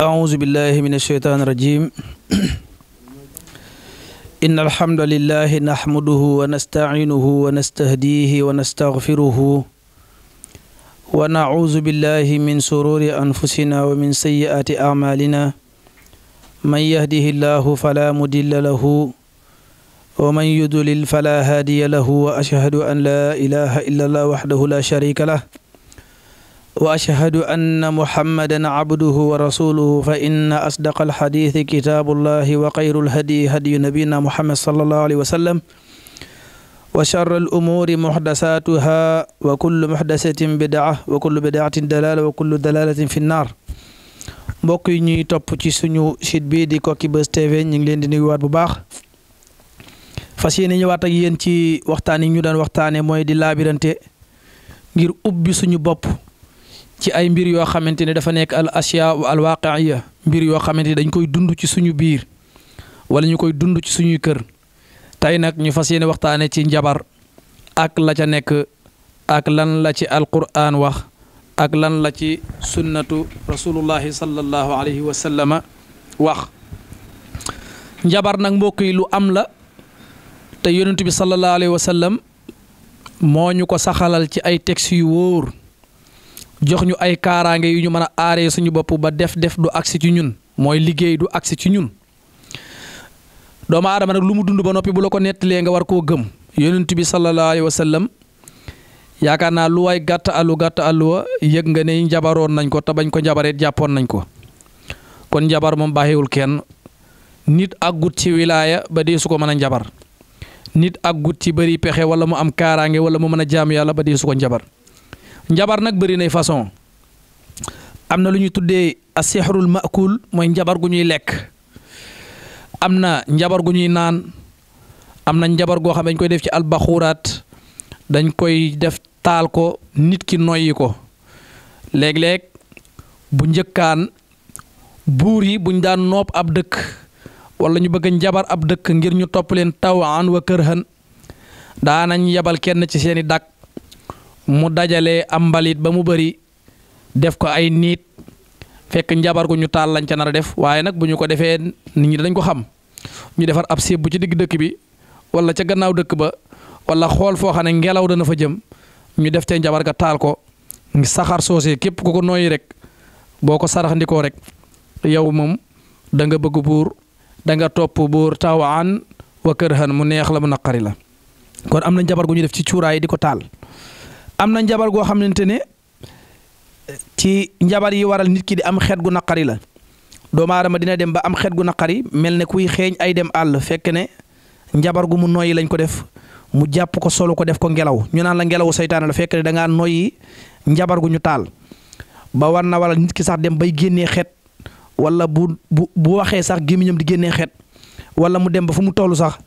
أعوذ بالله من الشيطان الرجيم إن الحمد لله نحمده ونستعينه ونستهديه ونستغفره ونعوذ بالله من سرور أنفسنا ومن سيئات أعمالنا من يهده الله فلا مضل له ومن يضلل فلا هادي له وأشهد أن لا إله إلا الله وحده لا شريك له واشهد ان محمدا عبده ورسوله فان اصدق الحديث كتاب الله وخير الهدي هدي نبينا محمد صلى الله عليه وسلم وشر الامور محدثاتها وكل محدثه بدعه وكل بدعه دلاله وكل دلاله في النار mbokk yi ñuy topp ci suñu site bi di Coki Buzz TV ñu ngi leen di nuyuwaat bu baax fas yéene ñëwaat ak yéen ci waxtaan yi ñu daan waxtaane mooy di laabirante ngir ubbi suñu bopp ci ay mbir yoo xamante ne dafa nekk al asiya al waqiya mbir yoo xamante ne dañ koy dund ci suñu biir wala ñu koy dund ci suñuy kër tey nag ñu fas yéene waxtaane ci njabar ak la ca nekk ak lan la ci alquraan wax ak lan la ci sunnatu rasulullahi sallallahu alayhi wa sallama wax njabar nag mbokk yi lu am la te yonent bi wasalam moo ñu ko saxalal ci ay tex yu wóor jox ñu ay kaaraange yu ñu mën a aaree suñu bopp ba def-def du agsi ci ñun mooy liggéey du agsi ci ñun doomu aadama nag lu mu dund ba noppi bu la ko nettalee nga war koo gëm yonent bi sallallahu alayhi wa yaakaar naa lu waaye gàtt alu gàtt alluwa yëg nga ne njabaroon nañ ko te bañ ko njabareet jàppoon nañ ko kon njabar moom baaxewul kenn nit ak àggut ci wilaaya ba dee su ko mën a njabar nit ak gut ci bëri pexe wala mu am kaaraange wala mu mën a jaam yàlla ba dee su ko njabar njabar nag bëri nay façon am na lu ñu tuddee asixrul makul mooy njabar gu ñuy lekk am na njabar gu ñuy naan am na njabar goo xam dañ koy def ci albaxuraat dañ koy def taal ko nit ki noyyi ko léeg-léeg bu njëkkaan buur yi buñ daan nopp ab dëkk walla ñu bëgg jabar ab dëkk ngir ñu topp leen tawaan wa kërhan daanañ yabal kenn ci seeni dàkk mu dajale am mbalit ba mu bari def ko ay niit fekk njabar gu ñu taal lañ ca nar a def waaye nag bu ñu ko defee nit ñi dañ ko xam ñu defar ab séb bu ci digg dëkk bi wala ca gannaaw dëkk ba wala xool foo xam ne ngelaw dana fa jëm ñu def cee njabar ga taal ko saxaar soosee képp ku ko nooyi rek boo ko saraxandikoo rek yow moom danga bëgg buur da nga topp buur tawaan wa kër xan mu neex la mu naqari la kon am na njabar gu ñu def ci cuuraay di ko taal am na njabar goo xamante ne ci njabar yi waral nit ki di am xeet gu naqari la doomu aadama dina dem ba am xeet gu naqari mel ne kuy xeeñ ay dem àll fekk ne njabar gu mu noyyi lañ ko def mu jàpp ko solo ko def ko ngelaw ñu naan la ngelawu seytaane la fekk ne da ngaa noyyi njabar gu ñu taal ba war na waral nit ki sax dem bay génne xeet wala bu bu bu waxee sax gémmiñam di génnee xeet wala mu dem ba fu mu toll sax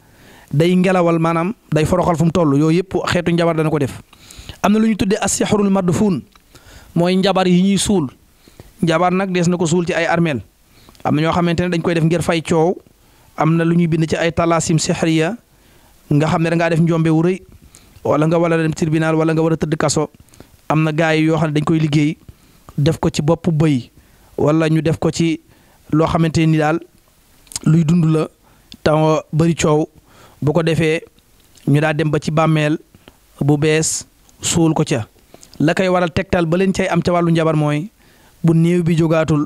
day ngelawal maanaam day foroxal fu mu toll yooyu yëpp xeetu njabar dana ko def. am na lu ñu tuddee asixrul madfun mooy njabar yi ñuy suul njabar nag dees na ko suul ci ay armeel am na ñoo xamante ne dañ koy def ngir fay coow am na lu ñuy bind ci ay talaasim sixriya nga xam ne da ngaa def njombe wu rëy wala nga war a dem tribunal wala nga war a tëdd kaso am na gaay yoo xam ne dañ koy liggéey def ko ci bopp bëy wala ñu def ko ci loo xamante ni daal luy dund la taw bëri coow bu ko defee ñu daa dem ba ci bàmmeel bu bees suul ko ca la koy waral tegtal ba leen cay am ca wàllu njabar mooy bu néew bi jógaatul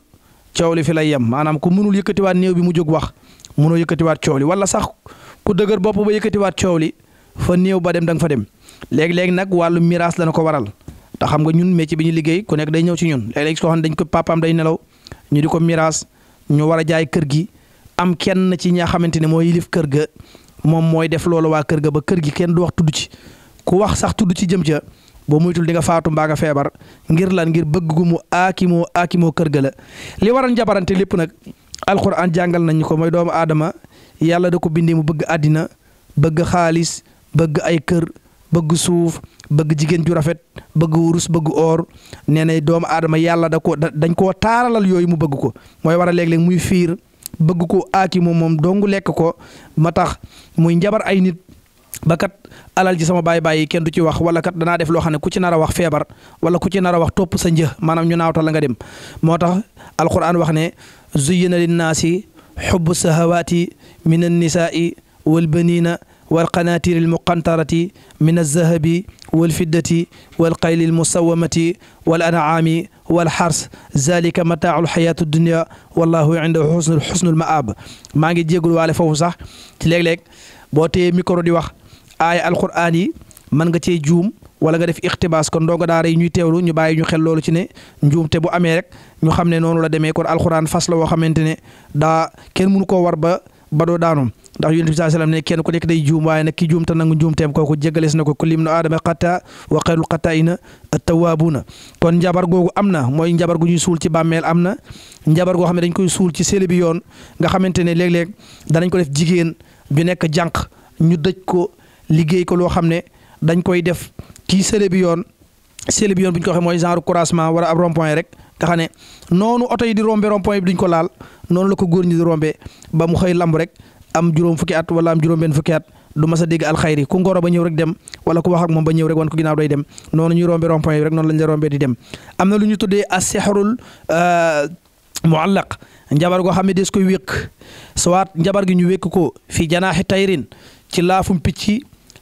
coow fi lay yem maanaam ku mënul yëkkatiwaat néew bi mu jóg wax mënoo yëkkatiwaat coow li wala sax ku dëgër bopp ba coow li fa néew ba dem da fa dem léegi-léegi nag wàllu miraas la ko waral te xam nga ñun métier bi ñu liggéey ku nekk day ñëw ci ñun léegi-léegi koo xam ne dañ ko papaam day nelaw ñu di ko miraas ñu war a jaay kër gi am kenn ci ñaa xamante ne mooy yilif kër ga moom mooy def loolu waa kër ga ba kër gi kenn du wax ci ku wax sax tudd ci jëm ca boo muytul di nga faatu mbaa nga feebar ngir lan ngir bëgg gu mu aakimoo aakimoo kër ga la li waral njabarante lépp nag alquran jàngal nañu ko mooy doomu aadama yàlla da ko bindee mu bëgg àddina bëgg xaalis bëgg ay kër bëgg suuf bëgg jigéen ju rafet bëgg wurus bëgg or nee na doomu aadama yàlla da ko dañ koo taaralal yooyu mu bëgg ko mooy waral léeg-léeg muy fiir bëgg ko aakimoo moom dongu lekk ko ma tax muy njabar ay nit ba kat alal ji sama baay bàyyi kenn du ci wax wala kat danaa def loo xam ne ku ci nar a wax feebar wala ku ci nar a wax topp sa njëx maanaam ñu naawta la nga dem moo tax alquran wax ne zuyyina linnaasi xubbu sahawaati min annisaai walbaniina والقناطير المقنطرة من الذهب والفضة والقيل المسومة والأنعام والحرث ذلك متاع الحياة الدنيا والله عنده حسن حسن المآب maa ngi jégalu foofu sax ci léeg boo téye micro di wax al alquraan yi mën nga cee juum wala nga def ixtibaas kon ndongo daara yi ñuy teewlu ñu bàyyi ñu xel loolu ci ne njuumte bu amee rek ñu xam ne noonu la demee kon al alxuraan fas la woo xamante ne daa kenn mënu koo war ba ba doo daanu ndax yonent bi sallam ne kenn ku nekk day juum waaye nag ki juum te nangu njuumteem kooku jéggalees na ko kullu ibnu aadama xata wa xayrul xataa'ina at-tawwaabuuna kon njabar googu am na mooy njabar gu ñuy suul ci bàmmeel am na njabar goo xam ne dañ koy suul ci séeli bi yoon nga xamante ne léeg-léeg danañ ko def jigéen ju nekk jànq ñu dëj ko liggéey ko loo xam ne dañ koy def ci sële bi yoon sële bi yoon bu ko waxee mooy genre croisement wala ab rond rek nga xam ne noonu oto yi di rombe rond bi duñ ko laal noonu la ko góor ñi rombe ba mu xëy lamb rek am juróom fukki at wala am juróom-benn fukki at. du mas a dégg alxayri ku ngoro ba ñëw rek dem wala ku wax moom ba ñëw rek wan ko ginnaaw day dem noonu ñuy rombe rond-point rek noonu lañ la rombe di dem am na lu ñu a tuddee asexrul euh, muallaq njabar goo xam ne des koy wékk soit njabar gi ñu wékk ko fii janaaxi tayrin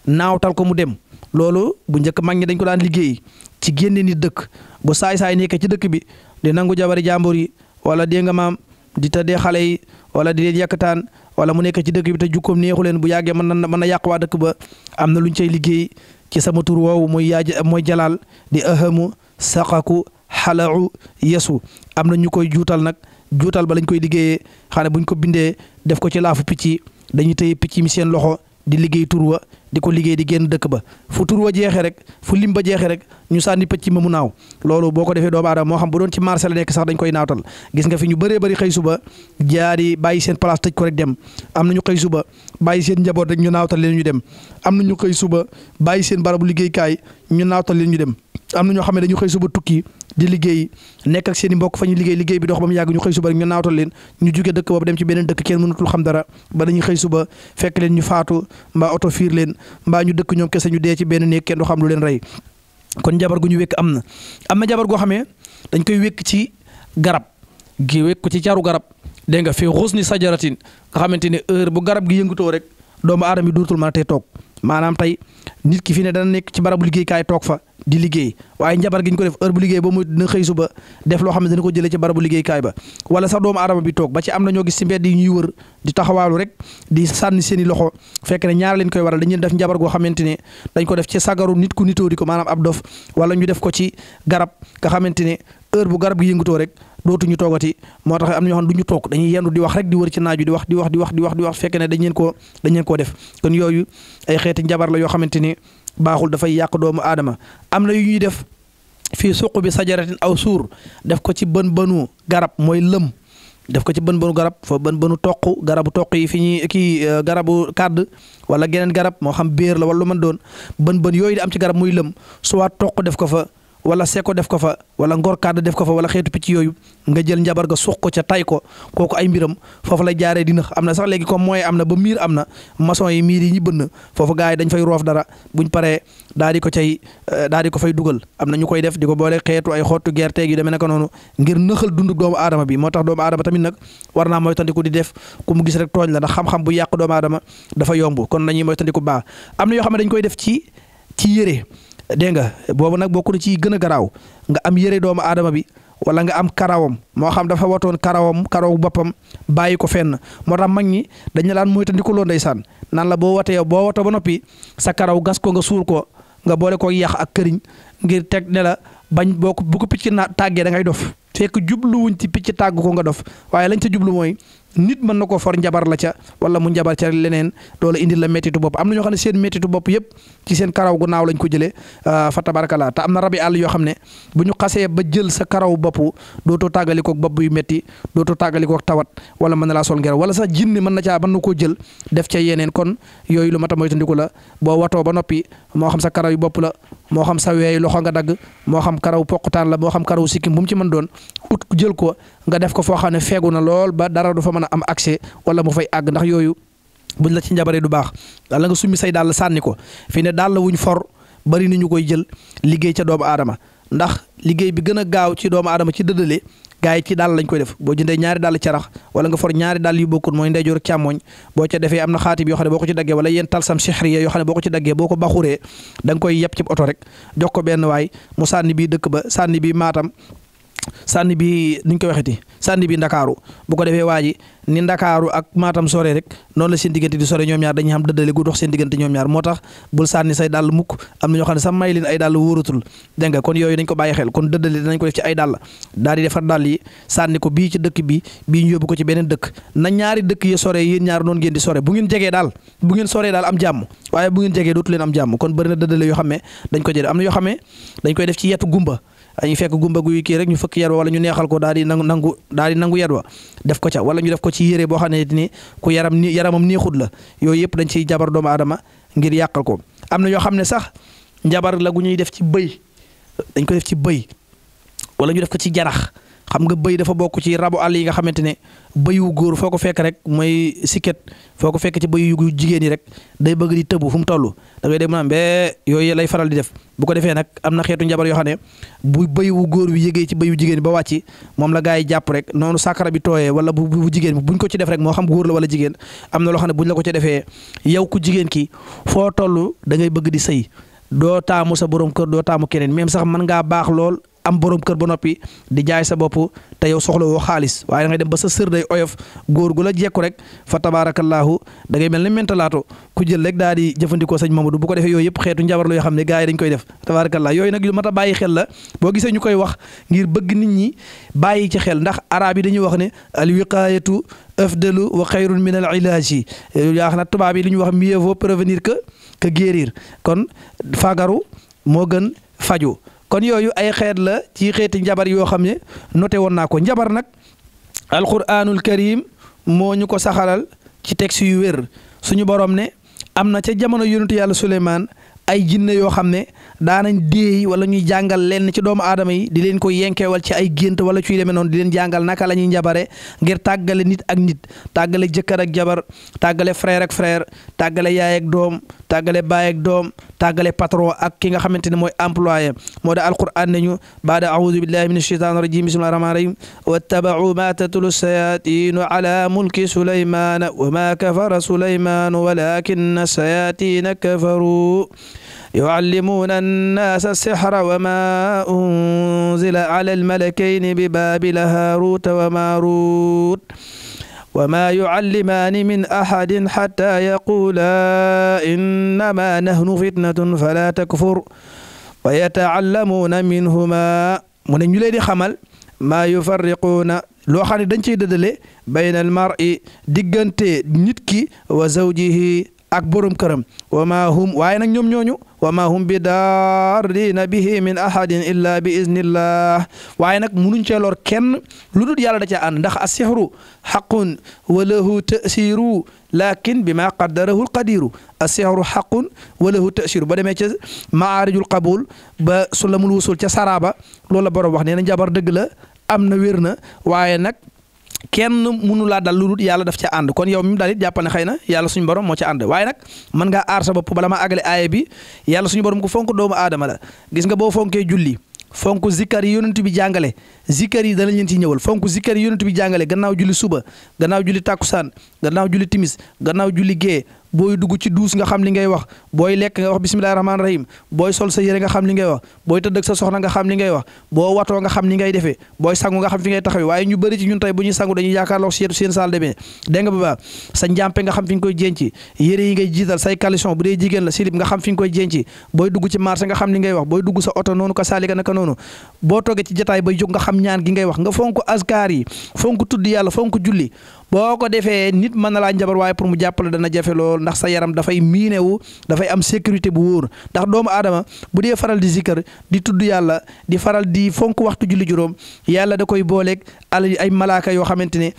naawtal ko mu dem loolu bu njëkk mag ñi dañ ko daan liggéey ci génne nit dëkk bu saay-saay nekkee ci dëkk bi di nangu jabari jàmbur yi wala dee nga maam di tëddee xale yi wala di leen yàkkataan wala mu nekk ci dëkk bi te jukkoom neexu leen bu yàggee mën na mën na yàq waa dëkk ba am na lu ñu cay liggéey ci sama tur woowu mooy yaa mooy jalaal di ahamu saqaku xalaxu yesu am na ñu koy juutal nag juutal ba lañ koy liggéeyee xane buñ ko bindee def ko ci laafu picc yi dañuy téye picc seen loxo di liggéey tur wa di ko liggéey di génn dëkk ba fu tur jeexe jeexee rek fu lim ba jeexee rek ñu sànni pëcc ma mu naaw loolu boo ko defee doomu aadama moo xam bu doon ci marché la nekk sax dañ koy naatal gis nga fi ñu bëree bëri xëy suba jaari bàyyi seen place tëj ko rek dem am nañu xëy suba bàyyi seen njaboot rek ñu naawtal leen ñu dem am na ñu xëy suba bàyyi seen barabu liggéeykaay ñu naawtal leen ñu dem am na ñoo xam ne dañu xëy suba tukki di liggéey nekk seen i mbokk fa ñu liggéey liggéey bi dox ba mu yàgg ñu xëy suba rek ñu naawtal leen ñu jóge dëkk boobu dem ci beneen dëkk kenn mënatul xam dara ba dañuy xëy suba fekk leen ñu faatu mbaa oto fiir leen mbaa ñu dëkk ñoom kese ñu dee ci benn néeg kenn du xam lu leen rey kon jabar gu ñu wékk am na am na jabar goo xamee dañ koy wékk ci garab gi wékk ko ci caru garab dégg nga fi xusni sajaratin nga xamante ne heure bu garab gi yëngatoo rek doomu aadama yi dootul mën a tey toog maanaam tey nit ki fi ne dana nekk ci barabu liggéeykaay toog fa di liggéey waaye gi ñu ko def heure bu liggéey ba muy dina xëy suba def loo xam ne ko jëlee ci barabu liggéeykaay ba wala sax doomu aadama bi toog ba ci am na ñoo gis si mbedd yi ñuy wër di taxawaalu rek di sànni seen i loxo fekk ne ñaara leen koy waral dañu def njabar goo xamante ne dañ ko def ci sagaru nit ku nitoo di ko maanaam ab dof wala ñu def ko ci garab nga xamante ne heure bu garab gi yëngatoo rek dootuñu toogati moo tax am na ñoo xam ne du ñu toog dañuy yendu di wax rek di wër ci naaju di wax di wax di wax di wax di wax fekkee ne dañ leen koo dañ def kon yooyu ay xeeti njabar la yoo xamante ni baaxul dafay yàq doomu aadama am na yu ñuy def fii suq bi sajaratin aw suur def ko ci bën bënu garab mooy lëm def ko ci bën bënu garab foo bën bënu toq garabu toq yi fi ñuy kii euh, garabu kàdd wala geneen garab moo xam béer la wala lu mën doon bën bën yooyu di am ci garab muy lëm soit toq def ko fa wala seko def ko fa wala ngor kàdd def ko fa wala xeetu picc yooyu nga jël njabar ga suux ko ca tay ko kooku ay mbiram foofu lay jaaree di nax am na sax léegi comme mooy am na ba miir am na maçon yi miir yi ñu bënn foofu gars yi dañ fay roof dara buñ paree daal di ko cay euh, daal di ko fay dugal am na ñu koy def di ko boole xeetu ay xottu gerteeg yu demee naka noonu ngir nëxal dund doomu aadama bi moo tax doomu aadama tamit nag war naa moytandiku di def ku mu gis rek tooñ la ndax xam-xam bu yàq doomu aadama dafa yomb kon nañuy moytandiku baax am na yoo xam ne dañ koy def ci ci yére dégg nga boobu nag bokku na ci gën a garaaw nga am yëre doomu aadama bi wala nga am karawam moo xam dafa watoon karawam karaw boppam bàyyi ko fenn moo tax mag ñi laan dañu daan moytandiku loo ndeysaan naan la boo watee boo watoo ba noppi sa karaw gas ko nga suul ko nga boole ko yàq ak këriñ ngir teg ne la bañ boo ko bu ko picc na tàggee da ngay dof fekk jubluwuñ ci picc tàgg ko nga dof waaye lañ ca jublu mooy nit mën na koo for njabar la ca wala mu njabar ca leneen loola indi la méttitu bopp am na ñoo xam ne seen méttitu bopp yëpp ci seen karaw gu naaw lañ ko jëlee euh, fa tabarakala te am na rabi àll yoo xam ne bu ñu xasee ba jël sa karaw bopp dootoo tàggalikook bopp yu métti dootoo tàggalikook tawat wala mën na laa sol ngelaw wala sax jinne mën na caa mën na koo jël def ca yeneen kon yooyu lu mat a moytandiku la boo watoo ba noppi moo xam sa karaw yu bopp la moo xam sa weeyu loxo nga dagg moo xam karaw poqutaan la moo xam karaw sikkim bu mu ci mën doon ut jël ko nga def ko foo xam ne na lool mën a am accès wala mu fay àgg ndax yooyu buñ la ci njabaree du baax la nga summi say dàll sànni ko fii ne dàll wuñ for bari na ñu koy jël liggéey ca doomu aadama ndax liggéey bi gën a gaaw ci doomu aadama ci dëddale gaa yi ci dàll lañ koy def boo jëndee ñaari dàll carax wala nga for ñaari dàll yu bokkul mooy ndeyjoor ak càmmooñ boo ca defee am na xaatib yoo xam ne boo ko ci daggee wala yéen talsam sihriya yoo xam ne boo ko ci daggee boo ko baxuree koy yeb oto rek jox ko benn waay mu sànni bii dëkk ba sànni bii maatam sànni bi nuñ ko waxeeti sànni bi ndakaaru bu ko defee waa ji ni ndakaaru ak maatam sore rek noonu la seen diggante di sore ñoom ñaar dañuy xam dëddale gu dox seen diggante moo tax bul sànni say dàll mukk ñoo xam ne sax may leen ay dàll wóoratul kon yooyu dañ ko bàyyi xel kon dëddale dinañ ko def ci ay dàll daal di defar ko bii ci dëkk bi bii ñu yóbbu ko ci beneen dëkk na ñaari dëkk yi sore yéen ñaar noonu di sore bu ngeen jegee daal bu ngeen soree daal am jàmm waaye bu ngeen jegee dootu leen am jàmm kon bëri na yoo xam ne dañ ko jël am na xam ne dañ koy def ci yetu gumba dañuy fekk gumba guy kii rek ñu fëkk yar wa wala ñu neexal ko daal nangu nangu daal di nangu wa def ko ca wala ñu def ko ci yére boo xam ne ni ku yaram ni yaramam neexut la yooyu yëpp dañ ciy jabar doomu aadama ngir yàqal ko am na ñoo xam ne sax njabar la gu ñuy def ci bëy dañ ko def ci bëy wala ñu def ko ci jarax xam nga bëy dafa bokk ci rabu àll yi nga xamante ne bëyu góor foo ko fekk rek mooy siket foo ko fekk ci bëyu yu jigéen yi rek day bëgg di tëbu fu mu toll da ngay yooyu lay faral di def bu ko defee nag am na xeetu njabar yoo xam ne bu bëyu góor bi yëgee ci bëyu jigéen ba wàcc moom la gaa yi jàpp rek noonu sàkkara bi tooyee wala bu bu jigéen bi buñ ko ci def moo xam góor la wala jigéen am na loo xam ne buñ ko ci defee yow ku jigéen ki foo toll da bëgg di sëy doo taamu sa borom kër doo taamu keneen même sax mën ngaa baax lool am boroom kër ba noppi di jaay sa bopp te yow soxla woo xaalis waaye da dem ba sa sër oyof góor gu la jekku rek fa tabaarakallaahu da ngay mel ni mentalaatu ku jël rek daal di jëfandikoo sëñ Mamadou bu ko defee yooyu yëpp xeetu njabar la yoo xam ne gars yi dañ koy def tabaarakallaahu yooyu nag yu mat a bàyyi xel la boo gisee ñu koy wax ngir bëgg nit ñi bàyyi ci xel ndax araab yi dañuy wax ne al wiqaayatu afdalu wa xayrun min al ilaaji yaa xam tubaab yi li wax mieux vaut prévenir que que guérir kon fagaru moo gën faju kon yooyu ay xeet la ci xeeti njabar yoo xam ne noté woon naa ko njabar nag alquranul karim moo ñu ko saxalal ci texte yu wér suñu borom ne am na ca jamono yonentu yàlla Suleymaan ay jinne yoo xam ne daanañ déey wala ñuy jàngal lenn ci doomu aadama yi di leen ko yenkeewal ci ay gént wala ci demee noonu di leen jàngal naka la ñuy njabare ngir tàggale nit ak nit tàggale jëkkër ak jabar tàggale frère ak frère tàggale yaay ak doom tàggale baay ak doom tàggale patron ak ki nga xamante ne mooy employé moo da alquran ne ñu baada aoudu billahi min ashaitan rajim bismillahi rahmani rahim wattabaau ma tatlu sayatinu ala mulki sulaymana wa ma kafara sulaymanu walakinna sayatina kafaru يعلمون الناس السحر وما أنزل على الملكين ببابل هاروت وماروت وما يعلمان من أحد حتى يقولا إنما نحن فتنة فلا تكفر ويتعلمون منهما mu ne ñu leen di xamal maa yufarriquuna loo xam ne dañ ciy dëddale bayna al mar'i diggante nit ki wa zawjihi ak borom këram wa waaye nag ñoom ñooñu wa ma hum bi daarrina bihi min ahadin illa bi waaye nag munuñ cee lor kenn lu dul yàlla da caa ànd ndax assihru xaqun wa lahu tasiru lakin bi ma qaddarahu alqadiru assihru xaqun wa lahu tasiru ba demee ca maarijul qabul ba sulamul wusul ca saraba loolu la borom wax nee na njabar dëgg la am na wér na waaye nag kenn mënu laa dal lu dul yàlla daf ca ànd kon yow mi mu daal it jàppane xëy na yàlla suñu borom moo ca ànd waaye nag mën nga aar sa bopp bala maa àggale aaya bi yàlla suñu borom ko fonk doomu aadama la gis nga boo fonkee julli fonk zikkar yi yonent bi jàngale zikkar yi danañ leen ci ñëwal fonk zikkar yi yonent bi jàngale gannaaw julli suba gannaaw julli tàkkusaan gannaaw julli timis gannaaw julli gée booy dugg ci duus nga xam li ngay wax booy lekk nga wax bismillahi rahmaani rahim booy sol sa yére nga xam li ngay wax booy tëdd sa soxna nga xam li ngay wax boo watoo nga xam li ngay defee booy sangu nga xam fi ngay taxawee waaye ñu bëri ci ñun tey bu ñuy sangu dañuy yaakaarloo si seen saal demee dégg nga baba sa njàmpe xam fi nga koy jenci yére yi ngay jiital say caleçon bu dee jigéen la silib nga xam fi nga koy jenci booy dugg ci marché nga xam li ngay wax booy dugg sa oto noonu ka saalika naka noonu boo toogee ci jataay bay jóg nga xam ñaan gi ngay wax nga fonk askar yi fonk tudd yàlla fonk julli boo ko defee nit mën na laa njabar waaye pour mu jàppale dana jafe lool ndax sa yaram dafay miine wu dafay am sécurité bu wóor ndax doomu aadama bu dee faral di zikkër di tudd yàlla di faral di fonk waxtu julli juróom yàlla da koy booleeg ay malaaka yoo xamante ne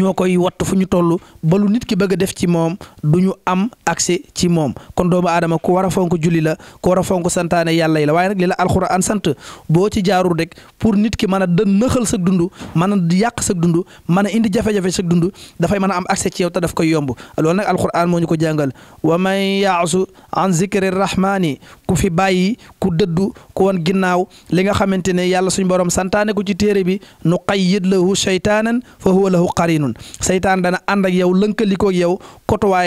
wa koy watt fu ñu toll ba lu nit ki bëgg a def ci moom du ñu am accès ci moom kon doomu aadama ku war a fonk julli la ku war fonk santaane yàlla yi la waaye nag li la alxuraan sant boo ci jaarul rek pour nit ki mën a dën nëxal sa dund mën a yàq sa dund mën a indi jafe sa dund dafay mën a am accès ci yow te daf koy yomb loolu nag alxuraan moo ñu ko jàngal wa man yaasu an zikri rahmaani ku fi bàyyi ku dëddu ku won ginnaaw li nga xamante ne yàlla suñu borom santaane ko ci téere bi nu qayyid lahu shaytaanan fa huwa lahu qarin qarinun seytaan dana ànd ak yow lënkalikoog yow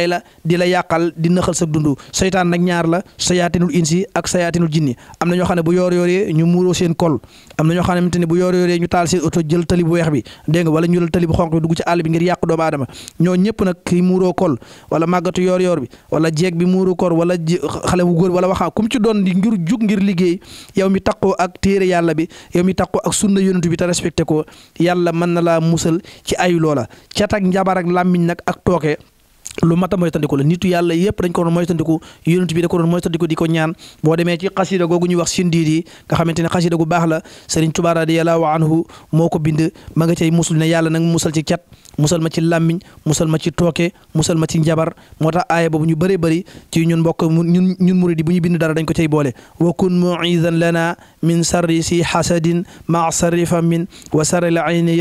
la di la yàqal di nëxal sa dund seytaan nag ñaar la sayaatinul insi ak sayaatinul jinni am na ñoo xam ne bu yoor yooree ñu muuroo seen kol am na ñoo xamante ne bu yoor yooree ñu taal seen oto jël tali bu weex bi dégg nga wala ñu jël tali bu xonq bi dugg ci àll bi ngir yàq doomu aadama ñoo ñëpp nag ki muuroo kol wala màggatu yoor yoor bi wala jeeg bi muuru kor wala xale bu góor wala waxaa kum ci doon ko yàlla mën na laa musal ci ayu loola cat ak njabar ak nag ak tooke lu mat a moytandiku la nitu yàlla yëpp dañ ko doon moytandiku yonent ko ñaan boo demee ci xasida googu ñuy wax sindiidi nga xamante ne xasida gu baax la Sëriñ Tuubaa radiyallaahu moo ko bind ma nga cay musul ne yàlla musal ci cat musal ma ci làmmiñ musal ma ci tooke musal ma ci njabar moo tax aaya boobu ñu bëree bëri ci ñun mbokk ñun ñun muridi bu ñu bind dara dañ ko cay boole wa kun muidan lana min sarri si xasadin maa sarri famin wa sarri l ayni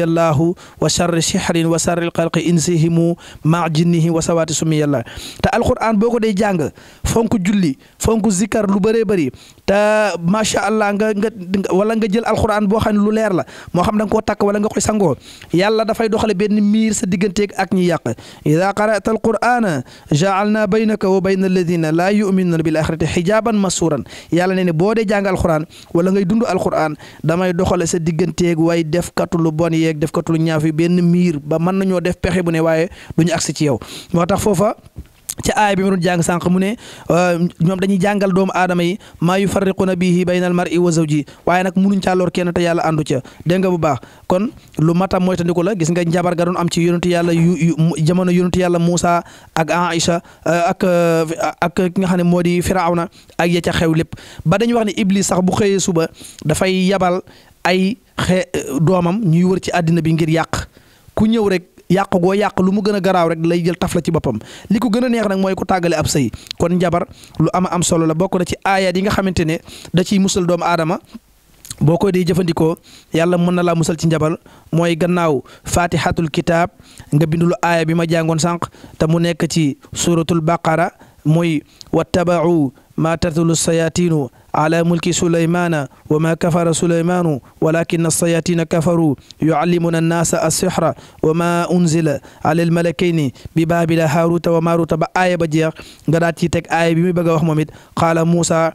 salawaati summi yàlla te alquran boo ko dee jàng fonk julli fonk zikkar lu bëree bëri te macha allah nga nga wala nga jël alxuraan boo xam ne lu leer la moo xam da nga koo takk wala nga koy sangoo yàlla dafay doxale benn miir sa digganteeg ak ñi yàq ida qara'ta alqur'ana ja'alna baynaka wa bayna alladina laa yu'minuna bil axirati xijaaban masuuran yàlla ne ne boo dee jàng alxuraan wala ngay dund alxuraan damay doxale sa digganteeg way def katu lu bon yeeg def katu lu ñaaw yi benn miir ba mën nañoo def pexe bu ne waaye duñu agsi ci yow moo tax ca aay bi mu doon jàng sànq mu ne euh, ñoom dañuy jàngal doomu aadama yi maa yu farriquna bihi baynal mar'i wa ji waaye nag munuñ caa lor kenn te yàlla àndu ca dégg nga bu baax kon lu mata moytandiku la gis nga njabar ga doon am ci yonentu yàlla yu jamono yonentu yàlla Moussa ak Aïcha euh, ak euh, ak ki nga xam ne moo di Firawna ak ya ca xew lépp ba dañu wax ne Iblis sax bu xëyee suba dafay yabal ay xe doomam ñuy wër ci àddina bi ngir yàq ku ñëw rek yàq goo yàq lu mu gën a garaaw rek lay jël taf ci boppam li ko gën a neex nag mooy ko tàggale ab say kon njabar lu ama am solo la bokk na ci aayaat di nga xamante ne da ciy musal doomu aadama boo ko dee jëfandikoo yàlla mën na laa musal ci njabar mooy gannaaw fatihatul kitaab nga bindulu aaya bi ma jàngoon sànq te mu nekk ci suratul baqara mooy wattabau ma tatulu sayatinu ala mulki sulaymana wa ma kafara sulaymanu walakin alsayatina kafaru yuallimuna annasa alsihra wa ma unzila ala almalakayni bi baabila haaruta wa maaruta ba aaya ba jeex nga daat ci teg aaya bi muy bëgg a wax moom it qaala muusa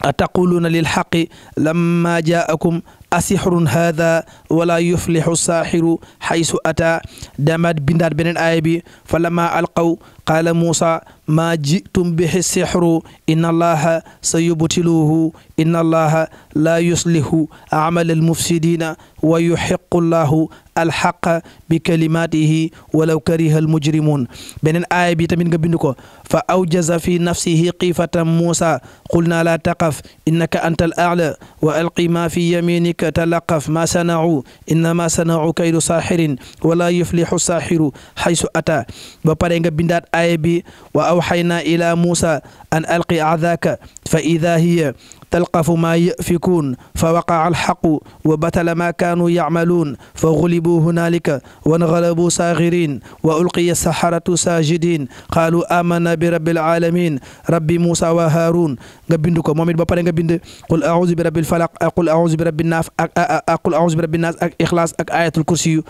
ataquluuna lilxaqi lamma jaakum asixrun hada wala yuflixu saaxiru xaysu ata damaat bindaat beneen aaya bi fa lama alqaw qaala muusa maa jitum bihi sixru inna allaha sa yubtiluhu inna allaha laa yuslihu amala almufsidina wa yuxiqu llahu alxaqa bi kalimatihi walaw kariha almujrimun beneen aaya bi tamit nga bind ko fa awjaza fi nafsihi xiifatan muusa qulna laa taqaf innaka anta al ala wa alqi ma fi yaminika talaqaf ma sana'u innama sana'u kaydu saaxirin walaa yuflixu saaxiru xaysu ata ba pare nga bindaat aaya bi wa awxaynaa ila muusa an alqi acdaaka fa ida hiya تلقف ما يأفكون فوقع الحق وبتل ما كانوا يعملون فغلبوا هنالك وانغلبوا صاغرين وألقي السحرة ساجدين قالوا آمنا برب العالمين رب موسى وهارون nga bind ko moom it ba pare nga bind qul a'uuzu bi rabbil falaq ak qul a'uuzu bi rabbin naas ak qul a'uuzu bi rabbin naas ak ixlaas ak ayatul kursi yu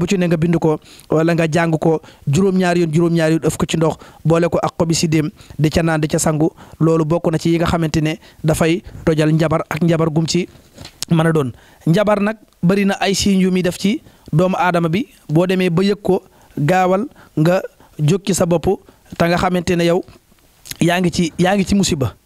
bu ci ne nga bind ko wala nga jàng ko juróom-ñaari yoon juróom-ñaari yoon ëf ko ci ndox boole ko ak xobi si dem di ca naan di ca loolu bokk na ci yi nga xamante tojal njabar ak njabar gum ci mën a doon njabar nag bëri na ay siiñ yu muy def ci doomu aadama bi boo demee ba yëg ko gaawal nga jóg ci sa bopp te nga xamante ne yow yaa ngi ci yaa ngi ci musiba